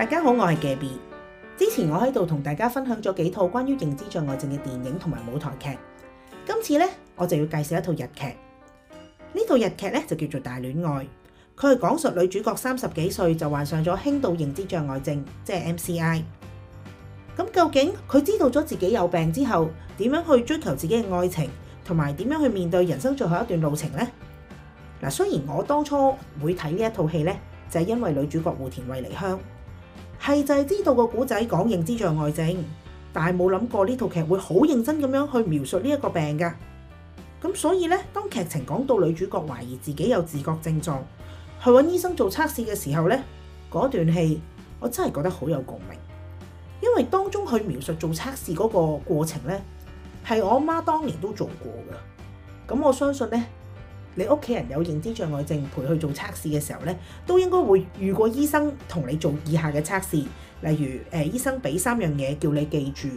大家好，我係 Gabby。之前我喺度同大家分享咗幾套關於認知障礙症嘅電影同埋舞台劇。今次咧，我就要介紹一套日劇。呢套日劇咧，就叫做《大戀愛》，佢係講述女主角三十幾歲就患上咗輕度認知障礙症，即係 MCI。咁究竟佢知道咗自己有病之後，點樣去追求自己嘅愛情，同埋點樣去面對人生最後一段路程呢？嗱，雖然我當初會睇呢一套戲咧，就係因為女主角戶田惠梨香。係就係知道個古仔講認知障礙症，但係冇諗過呢套劇會好認真咁樣去描述呢一個病噶。咁所以咧，當劇情講到女主角懷疑自己有自覺症狀，去揾醫生做測試嘅時候咧，嗰段戲我真係覺得好有共鳴，因為當中去描述做測試嗰個過程咧，係我阿媽當年都做過噶。咁我相信咧。你屋企人有認知障礙症，陪佢去做測試嘅時候咧，都應該會遇過醫生同你做以下嘅測試，例如誒、呃、醫生俾三樣嘢叫你記住，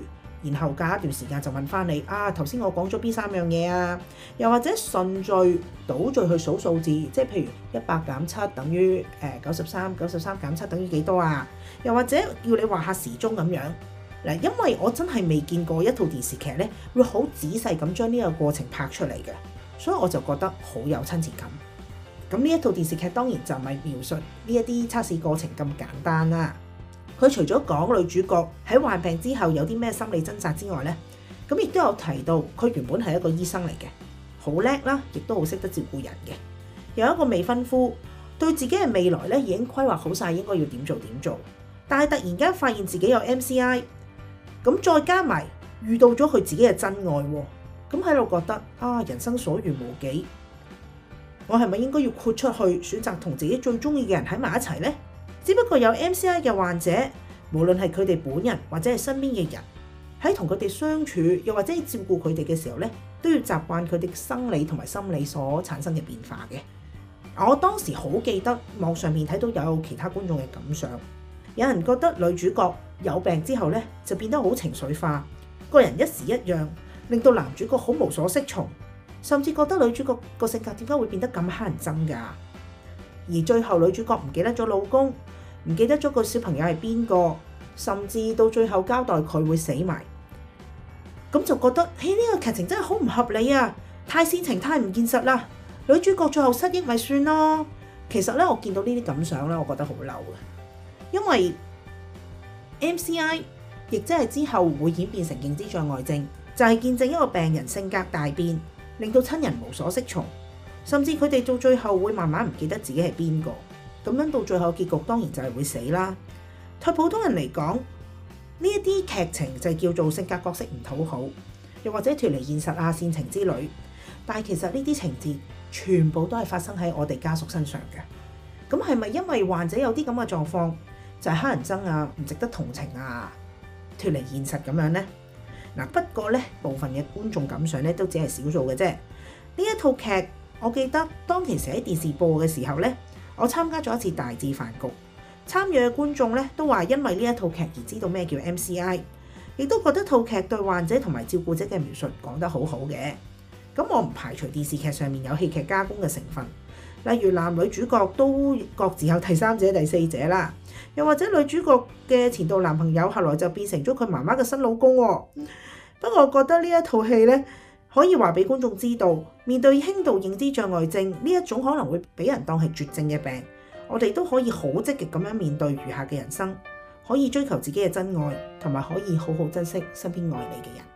然後隔一段時間就問翻你啊，頭先我講咗邊三樣嘢啊？又或者順序倒序去數數字，即係譬如一百減七等於誒九十三，九十三減七等於幾多啊？又或者要你畫下時鐘咁樣嗱，因為我真係未見過一套電視劇咧，會好仔細咁將呢個過程拍出嚟嘅。所以我就覺得好有親切感。咁呢一套電視劇當然就唔係描述呢一啲測試過程咁簡單啦、啊。佢除咗講女主角喺患病之後有啲咩心理掙扎之外呢，咁亦都有提到佢原本係一個醫生嚟嘅，好叻啦，亦都好識得照顧人嘅。有一個未婚夫，對自己嘅未來呢已經規劃好晒應該要點做點做，但係突然間發現自己有 MCI，咁再加埋遇到咗佢自己嘅真愛。咁喺度覺得啊，人生所餘無幾，我係咪應該要豁出去選擇同自己最中意嘅人喺埋一齊呢？只不過有 MCI 嘅患者，無論係佢哋本人或者係身邊嘅人，喺同佢哋相處又或者係照顧佢哋嘅時候咧，都要習慣佢哋生理同埋心理所產生嘅變化嘅。我當時好記得網上面睇到有其他觀眾嘅感想，有人覺得女主角有病之後咧就變得好情緒化，個人一時一樣。令到男主角好無所適從，甚至覺得女主角個性格點解會變得咁乞人憎噶？而最後女主角唔記得咗老公，唔記得咗個小朋友係邊個，甚至到最後交代佢會死埋，咁就覺得喺呢個劇情真係好唔合理啊！太煽情，太唔現實啦！女主角最後失憶咪算咯？其實咧，我見到呢啲感想咧，我覺得好嬲啊！因為 MCI 亦即係之後會演變成認知障礙症。就係見證一個病人性格大變，令到親人無所適從，甚至佢哋到最後會慢慢唔記得自己係邊個，咁樣到最後結局當然就係會死啦。對普通人嚟講，呢一啲劇情就叫做性格角色唔討好，又或者脫離現實啊、煽情之類。但係其實呢啲情節全部都係發生喺我哋家屬身上嘅。咁係咪因為患者有啲咁嘅狀況，就係、是、黑人憎啊，唔值得同情啊，脫離現實咁樣呢？嗱，不過咧，部分嘅觀眾感想咧，都只係少數嘅啫。呢一套劇，我記得當其時喺電視播嘅時候咧，我參加咗一次大字飯局，參與嘅觀眾咧都話因為呢一套劇而知道咩叫 MCI，亦都覺得套劇對患者同埋照顧者嘅描述講得好好嘅。咁我唔排除電視劇上面有戲劇加工嘅成分。例如男女主角都各自有第三者、第四者啦，又或者女主角嘅前度男朋友，後來就變成咗佢媽媽嘅新老公。不過我覺得呢一套戲咧，可以話俾觀眾知道，面對輕度認知障礙症呢一種可能會俾人當係絕症嘅病，我哋都可以好積極咁樣面對餘下嘅人生，可以追求自己嘅真愛，同埋可以好好珍惜身邊愛你嘅人。